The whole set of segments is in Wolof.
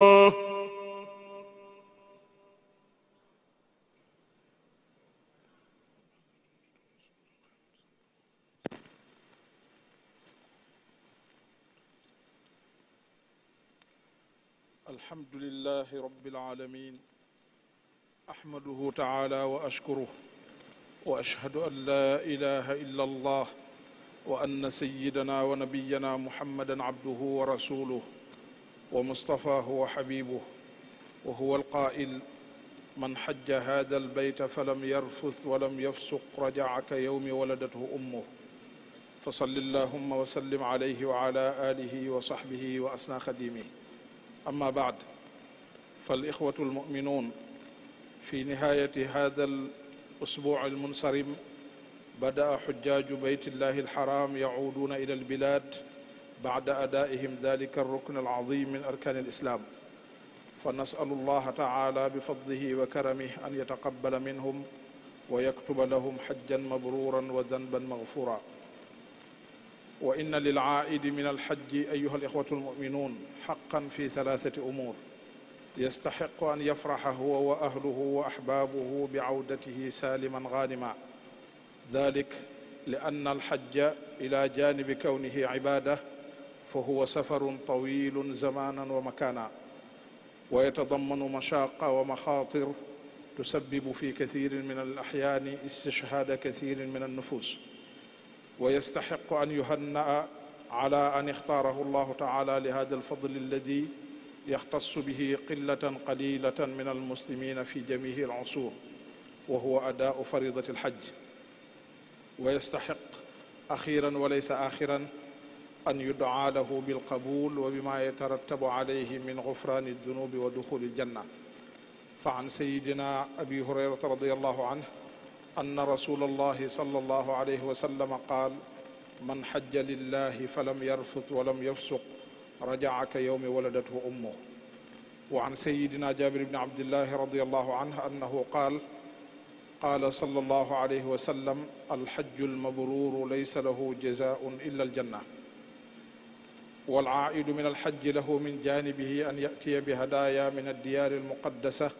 الحمد لله رب العالمين أحمده تعالى وأشكره وأشهد أن لا إله إلا الله وأن سيدنا ونبينا محمدا عبده ورسوله ومصطفاه وحبيبه وهو القائل من حج هذا البيت فلم يرفث ولم يفسق رجع كيوم ولدته أمه فصل اللهم وسلم عليه وعلى آله وصحبه وأسنى خديمه أما بعد فالإخوة المؤمنون في نهاية هذا الأسبوع المنصرم بدأ حجاج بيت الله الحرام يعودون إلى البلاد baada adaa'ihim dalika arrukn alazim min arkaan alislaam fa nasalu allaha taala bifadlihi wa karamih an yataqabala minhum wa yaktuba lahum xajjan mabruran wa danban magfura wa inna lilcaaidi min alxajji ayuha alixwatu almuminuun xaqan fi talaatati umuur يستحق أن يفرح هو وأهله وأحبابه بعودته سالما غانما ذلك لأن الحج إلى جانب كونه عبادة fa huwa safarun tawilun zamanan wa makaana wa yatadammanu mashaaqa wa maxaatir تسبب في كثير من الأحيان استشهاد كثير من النفوس ويستحق أن يهنأ على أن اختاره الله تعالى لهذا الفضل الذي يختص به قلة قليلة من المسلمين في جميع العصور وهو أداء فريضة الحج ويستحق أخيرا وليس آخرا an yudaa lahu bilqabul wa bima yatarattabu alayhi min gufrani dunubi wa duxuli aljanna fa an sayidina abi hurayrata radiallahu anh anna rasula allahi sallallahu alayhi wa sallama qaal man xajja lillahi falam yarfut walam yafsuq rajaa ka yowmi waladathu ummuh wa an sayidina jabir ibni abdillahi radiallahu anh annahu qaal qaala sallallahu alayhi wa sallam alxajju almabruru laysa lahu jazaun illa aljanna والعائد من الحج له من جانبه أن يأتي بهدايا من الديار المقدسة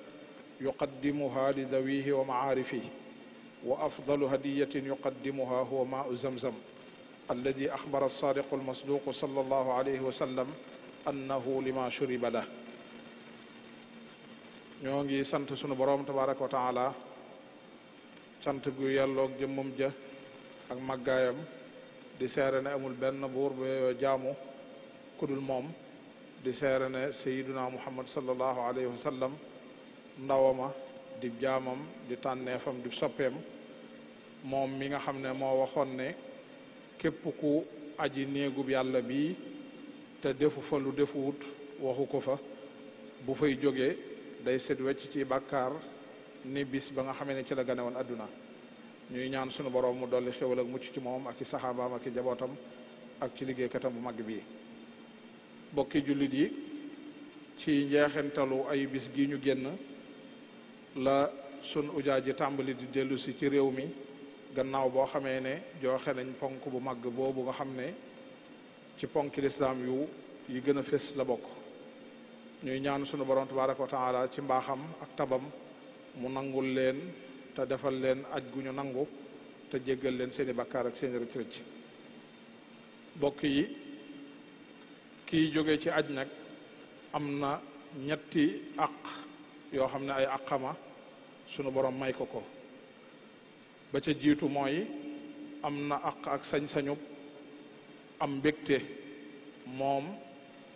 يقدمها لذويه ومعارفه وأفضل هدية يقدمها هو ماء زمزم الذي أخبر الصادق المصدوق صلى الله عليه وسلم أنه لما شرب له ñoo ngi sant sunu boroom tabaraka wa taala sant gu yàlloog jëmmam ja ak màggaayam di seere ne amul benn buur bu jaamu ku dul moom di seere ne sayiduna muhammad sallallahu alayhi wa sallam ndawama di jaamam di tànneefam di soppeem moom mi nga xam ne moo waxoon ne képp ku aji néegub yàlla bi te defu fa lu defuwut waxu ko fa bu fay jóge day set wecc ci bàkkaar ni bis ba nga xamee ne ci la woon adduna ñuy ñaan sunu borom mu dolli xéwal ak mucc ci moom ak i saxaabaam ak jabootam ak ci liggéeykatam bu mag bii bokki jullit yi ci njeexentalu ay bis gi ñu génn la sun ujaa ji tàmbali di dellu ci réew mi gannaaw boo xamee ne joxe ponk bu mag boobu nga xam ne ci ponk lislaam yu yi gën a fés la bokk ñuy ñaan sunu borom tabaraka wa taala ci mbaaxam ak tabam mu nangul leen te defal leen aj gu ñu nangu te jéggal leen seeni bakkaar ak seeni rëcc rëcc bokk yi kiy jóge ci aj nag am na ñetti àq yoo xam ne ay àqama sunu borom may ko ko ba ca jiitu mooy am na àq ak sañ-sañu am mbégte moom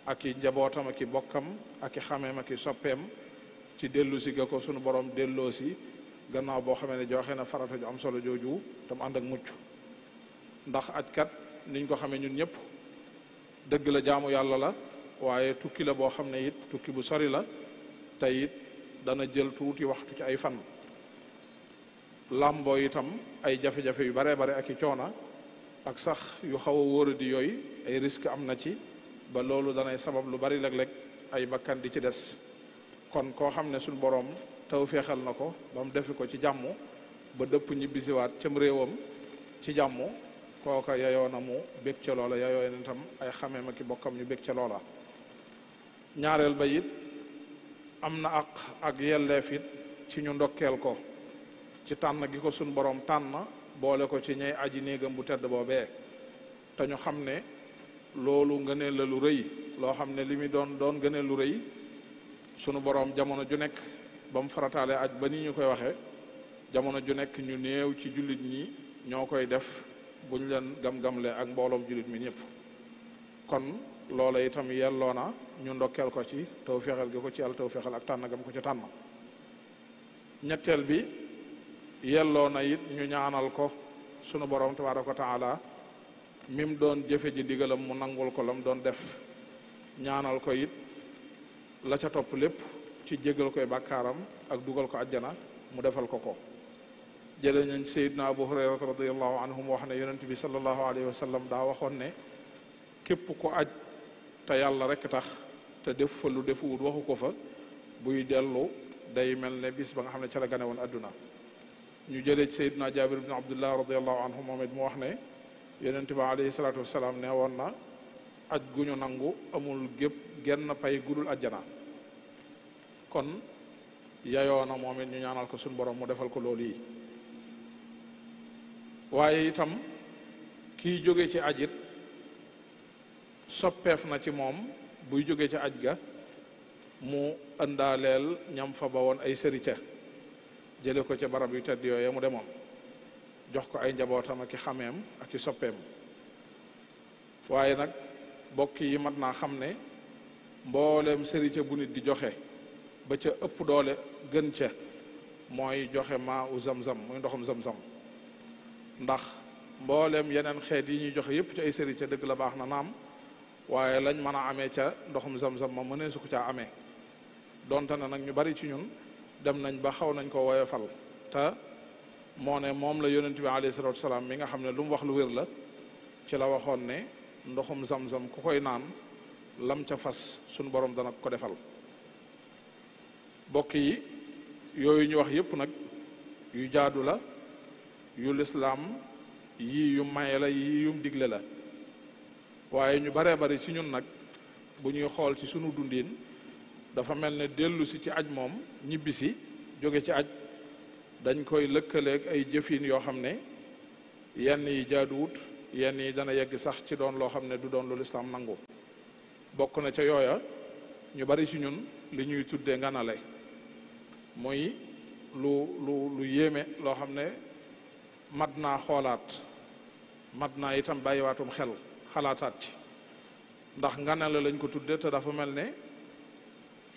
ak i njabootam ak i bokkam ak i xameem ak i soppeem ci dellu si ga ko sunu borom delloo si gannaaw boo xamee ne joxe na farata am solo jooju tam ànd ak mucc ndax kat niñ ko xamee ñun ñëpp dëgg la jaamu yàlla la waaye tukki la boo xam ne it tukki bu sori la te dana jël tuuti waxtu ci ay fan làmboo yitam ay jafe-jafe yu baree bare ak coona ak sax yu xaw a wóora di yooyu ay risque am na ci ba loolu danay sabab lu bari léeg-léeg ay bakkan di ci des kon koo xam ne suñ boroom taw feexal na ko ba mu defe ko ci jàmmu ba dëpp ñibbisi waat cëm réewam ci jàmm kooka yayoo na mu bég ca loola yayoo na itam ay xameem ak bokkam ñu bég ca loola ñaareel ba am na aq ak yelleef ci ñu ndokkeel ko ci tànn gi ko suñ boroom tànn boole ko ci ñay aji néegam bu tedd boobee te ñu xam ne loolu ngënee la rëy loo xam ne li mu doon doon ngënee lu rëy sunu boroom jamono ju nekk ba mu farataalee aj ba ni ñu koy waxee jamono ju nekk ñu néew ci jullit ñi ñoo koy def bu leen gam-gamlee gam ak mbooloom jullit mi ñëpp kon loola itam yelloo na ñu ndokkeel ko ci taw fexeel gi ko ci yàlla taw fexeel ak tànn gam ko ci tànn ñetteel bi yelloo na ñu ñaanal ko sunu borom tabaaraka wa taala mim doon jëfe ji digalam mu nangul ko lam doon def ñaanal ko it la ca topp lépp ci jégal koy bàkkaaram ak dugal ko àjjana mu defal ko ko jëlee nañ Seydina Abu Hurayrata radiallahu anhu mu wax ne yonent bi salallahu alayhi wa sallam daa waxoon ne képp ku aj te yàlla rek tax te def fa lu defuwut waxu ko fa buy dellu day mel ne bis ba nga xam ne ca la gane woon adduna ñu jëlee ci Seydina Jaabir bin Abdullah radiallahu anhu mu wax ne yonent bi a salaatu wasalaam ne woon na aj gu nangu amul gépp genn pay gudul ajjana kon yayoona moom ñu ñaanal ko suñu borom mu defal ko lool yi waaye itam kiy jóge ci ajit soppeef na ci moom buy jóge ci aj ga mu ëndaaleel ñam fa ba woon ay sëri ca jële ko ca barab yu tedd yooye mu demoon jox ko ay njabootam ak i xameem ak i soppeem waaye nag bokk yi mat naa xam ne mboolem sëri ca bu nit di joxe ba ca ëpp doole gën ca mooy joxe maa u zam-zam muy ndoxam zam-zam ndax mbooleem yeneen xeet yi ñuy joxe yépp ci ay sëriñ ca dëgg la baax na naam waaye lañ mën a amee ca ndoxum zam-zam ma mënee su ko caa amee donte ne nag ñu bari ci ñun dem nañ ba xaw nañ ko woyofal te moo ne moom la yonent bi alayhi salatu wasalaam mi nga xam ne lu mu wax lu wér la ci la waxoon ne ndoxum zam-zam ku koy naan lam ca fas suñu borom dana ko defal bokk yi yooyu ñu wax yépp nag yu jaadu la yu lislaam yii yu maye la yii yum digle la waaye ñu baree bari ci ñun nag bu ñuy xool ci sunu dundin dafa mel ne dellusi ci aj moom ñibbisi jóge ci aj dañ koy lëkkaleeg ay jëfin yoo xam ne yenn yi jaaduwut yenn yi dana yegg sax ci doon loo xam ne du doon lu lislaam nangu bokk na ca yooya ñu bari ci ñun li ñuy tuddee nganale muy lu lu lu yéeme loo xam ne mat xoolaat mat naa itam bàyyiwaatum xel xalaataat ci ndax nganale lañ ko tudde te dafa mel ne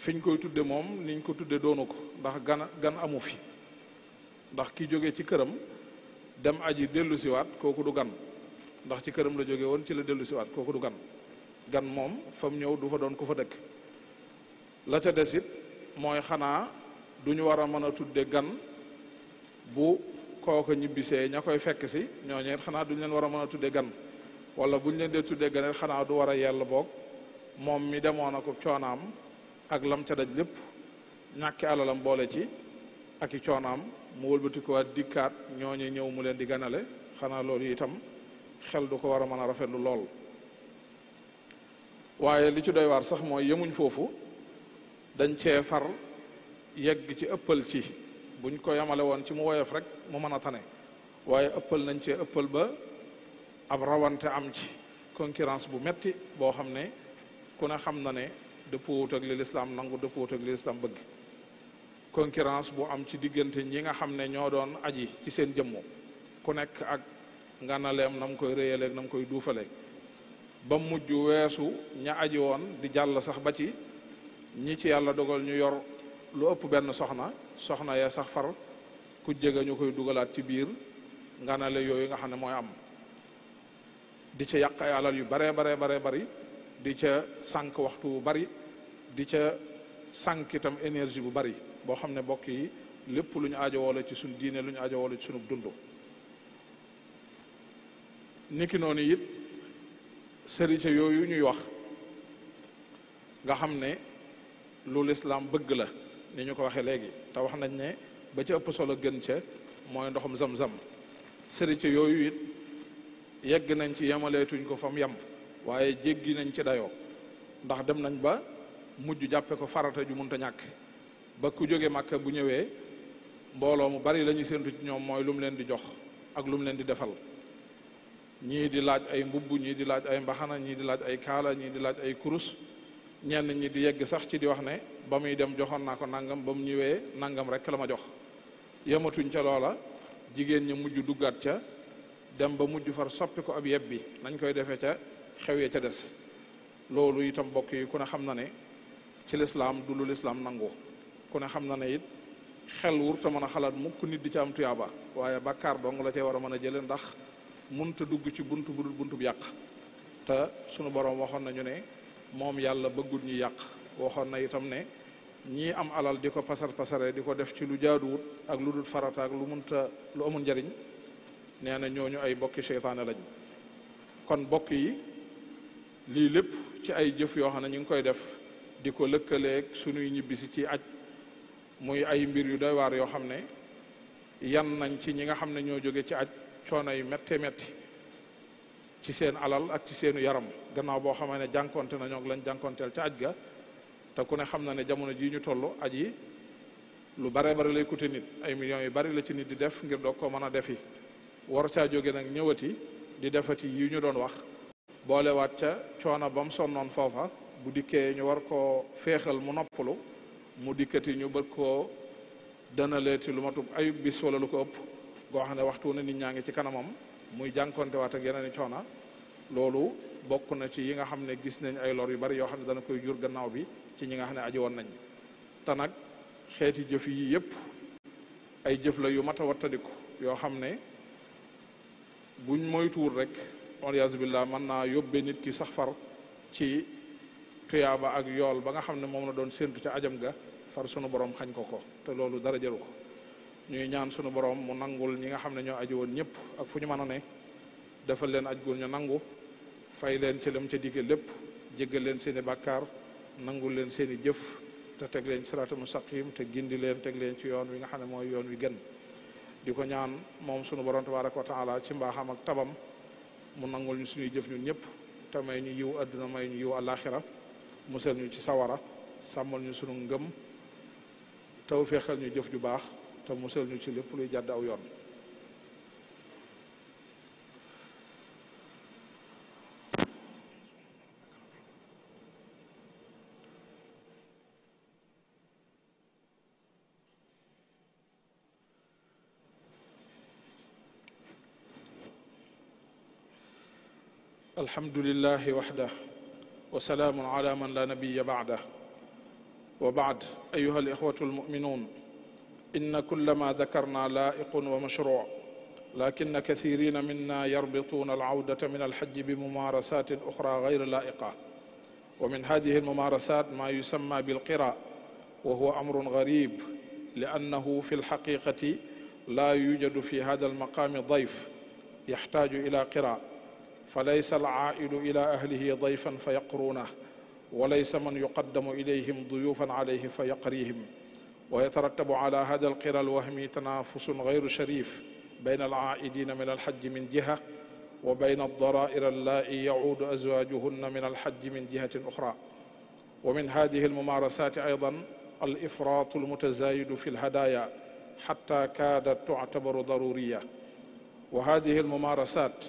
fiñ koy tudde moom niñ ko tudde doonu ko ndax gan gan amu fi ndax ki jóge ci këram dem aji dellu siwaat kooku du gan ndax ci këram la jóge woon ci la dellu siwaat kooku du gan gan moom fa ñëw du fa doon ku fa dëkk la ca des it mooy xanaa du ñu war a mën a tudde gan bu kooku ñibbisee ña koy fekk si ñooñu it xanaa duñ leen war a mën a tudde gan wala buñ leen dee tudde gan xanaa du war a yell boog moom mi demoon na ko coonaam ak lam ca daj lépp ñàkki alalam boole ci ak i coonaam mu wëlbatikuwaat ko waat dikkaat ñooñu ñëw mu leen di ganale xanaa loolu itam xel du ko war a mën a rafetlu lool waaye li ci doy waar sax mooy yemuñ foofu dañ cee far yegg ci ëppal ci buñ ko yemale woon ci mu woyef rek mu mën a tane waaye ëppal nañ cee ëppal ba ab rawante am ci concurrence bu metti boo xam ne ku ne xam na ne dëppoowut ak li lislaam nangu dëppoowut ak li lislaam bëgg concurrence bu am ci diggante ñi nga xam ne ñoo doon aji ci seen jëmmu ku nekk ak nganaleem na mu koy réyaleeg na mu koy duufalee ba mujj weesu ña aji woon di jàll sax ba ci ñi ci yàlla dogal ñu yor lu ëpp benn soxna soxna ya sax far ku jega ñu koy dugalaat ci biir nganale yooyu nga xam ne mooy am di ca yàq ay alal yu baree baree baree bari di ca sànq waxtu bu bari di ca sànq itam énergie bu bari boo xam ne bokk yi lépp lu ñu aajo wala ci suñ diinee lu ñu ajo wala ci sunu dund niki noonu it sërite yooyu ñuy wax nga xam ne lu lislaam bëgg la ni ñu ko waxee léegi te wax nañ ne ba ci ëpp solo gën ca mooy ndoxum sam zam sërite yooyu it yegg nañ ci yemaleetuñ ko fa mu waaye jéggi nañ ci dayoo ndax dem nañ ba mujj jàppe ko farata ju munta ñàkk ba ku jóge màkka bu ñëwee mbooloo mu bari la ñuy ci ñoom mooy lu leen di jox ak lu mu leen di defal ñii di laaj ay mbubb ñii di laaj ay mbaxana ñii di laaj ay kaala ñii di laaj ay kurus ñenn ñi di yegg sax ci di wax ne ba muy dem joxoon naa ko nangam ba mu ñëwee nangam rek la jox yamatuñ ca loola jigéen ñi mujj duggaat ca dem ba mujj far soppi ko ab yeb bi nañ koy defee ca xew ya ca des loolu itam mbokk yi ku ne xam na ne ci lislaam du lu lislaam nangu ku ne xam na ne it xel wur te mën a xalaat mukk nit di ca am tuyaaba waaye bàkkaar dong la cay war a mën a jële ndax munta dugg ci bunt bu dul bunt bu yàq te sunu borom waxoon nañu ne moom yàlla bëggul ñu yàq waxoon na itam ne ñii am alal di ko pasar pasare di ko def ci lu jaaduwut ak lu dul farata lu munta lu amul njariñ nee na ñooñu ay bokki seytaane lañ kon bokk yi lii lépp ci ay jëf yoo xam ne ñu ngi koy def di ko lëkkaleeg sunuy ñibbisi ci aj muy ay mbir yu doy waar yoo xam ne yan nañ ci ñi nga xam ne ñoo jóge ci aj coono yu metti métti ci seen alal ak ci seenu yaram gannaaw boo xamaa ne jànkonte nañoo lañ jànkonteel ca aj ga te ku ne xam na ne jamono jii ñu toll aji lu bare bare lay coûter nit ay millions yu bari la ci nit di def ngir doog ko mën a defi war caa jóge nag ñëwati di defati yi ñu doon wax boolewaat ca coono ba mu sonnoon foofa bu dikkee ñu war koo féexal mu noppalu mu dikkati ñu bëgg koo dana leeti lu matub ay bis wala lu ko ëpp goo xam ne waxtu ne nit ñaa ngi ci kanamam muy jànkonte waat ak yeneen i coona loolu bokk na ci yi nga xam ne gis nañ ay lor yu bari yoo xam ne dana koy jur gannaaw bi ci ñi nga xam ne aji woon nañ te nag xeeti jëf yi yépp ay jëf la yu mat a wattadiku yoo xam ne buñ moytuwul rek aliyasu billah mën naa yóbbe nit ki sax far ci tuyaaba ak yool ba nga xam ne moom la doon séntu ca ajam ga far sunu boroom xañ ko ko te loolu dara jaru ko ñuy ñaan sunu borom mu nangul ñi nga xam ne ñoo aju woon ñëpp ak fu ñu mën a ne defal leen aj gu ñu nangu fay leen ci lam ca digge lépp jéggal leen seen bakkaar bàkkaar nangul leen seen i jëf te teg leen sirata mustaqim te gindi leen teg leen ci yoon wi nga xam ne mooy yoon wi gën di ko ñaan moom sunu borom tabaraka wa taala ci mbaaxam ak tabam mu nangul ñu suñuy jëf ñun ñëpp te may ñu yiw adduna may ñu yiw mu musal ñu ci sawara sàmmal ñu sunu ngëm tawféexal jëf ju baax te musal ñu ci lépp luy jàdd aw yoon alhamdulilahi waxda wa salaamun ala man la nabiya baada wa baad ayuha alixwatu almuminuun إن كل ما ذكرنا لائق ومشروع لكن كثيرين منا يربطون العودة من الحج بممارسات أخرى غير لائقة ومن هذه الممارسات ما يسمى بالقراء وهو أمر غريب لأنه في الحقيقة لا يوجد في هذا المقام ضيف يحتاج إلى قراء فليس العائد إلى أهله ضيفا فيقرونه وليس من يقدم إليهم ضيوفا عليه فيقريهم ويترتب على هذا القرى الوهمي تنافس غير شريف بين العائدين من الحج من جهة وبين الضرائر اللائي يعود أزواجهن من الحج من جهة أخرى ومن هذه الممارسات أيضا الإفراط المتزايد في الهدايا حتى كادت تعتبر ضرورية وهذه الممارسات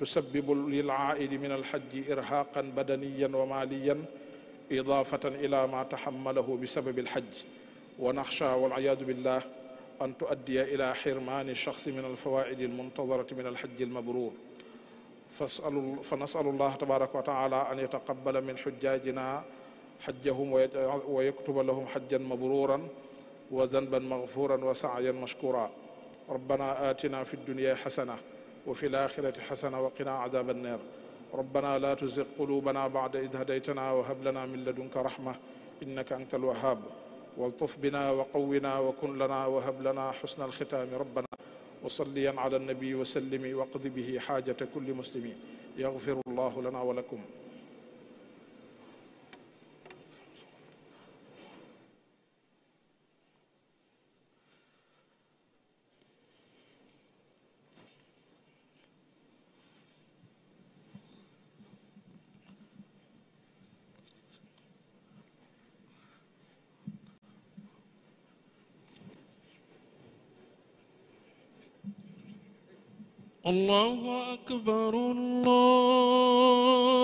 تسبب للعائد من الحج إرهاقا بدنيا وماليا إضافة إلى ما تحمله بسبب الحج wa naxsha waliyadu billah an tuaddiya ila xirmaani shaxsi min alfawaidi almuntadarati min alxajji almabrur fasalu fa nasalu allah tabaraka wa taala an yataqabala min xujjaajina xajjahum wa yaktuba lahum xajjan mabruran wa danban magfuran wa sacyan mashkura ربنا آتنا في الدنيا حسنة وفي الآخرة حسنة وقنا عذاب النار ربنا لا تزغ قلوبنا بعد إذ هديتنا وهب لنا من لدنك رحمة إنك أنت الوهاب waltuf bina wa qawwina wa kun lana wa hab lana xusna alxitaami rabbana wa salliyan ala annabi wa sallimi waqdi bihi xaajata kulli muslimin yaxfiru llahu lana wa lakum الله أكبر الله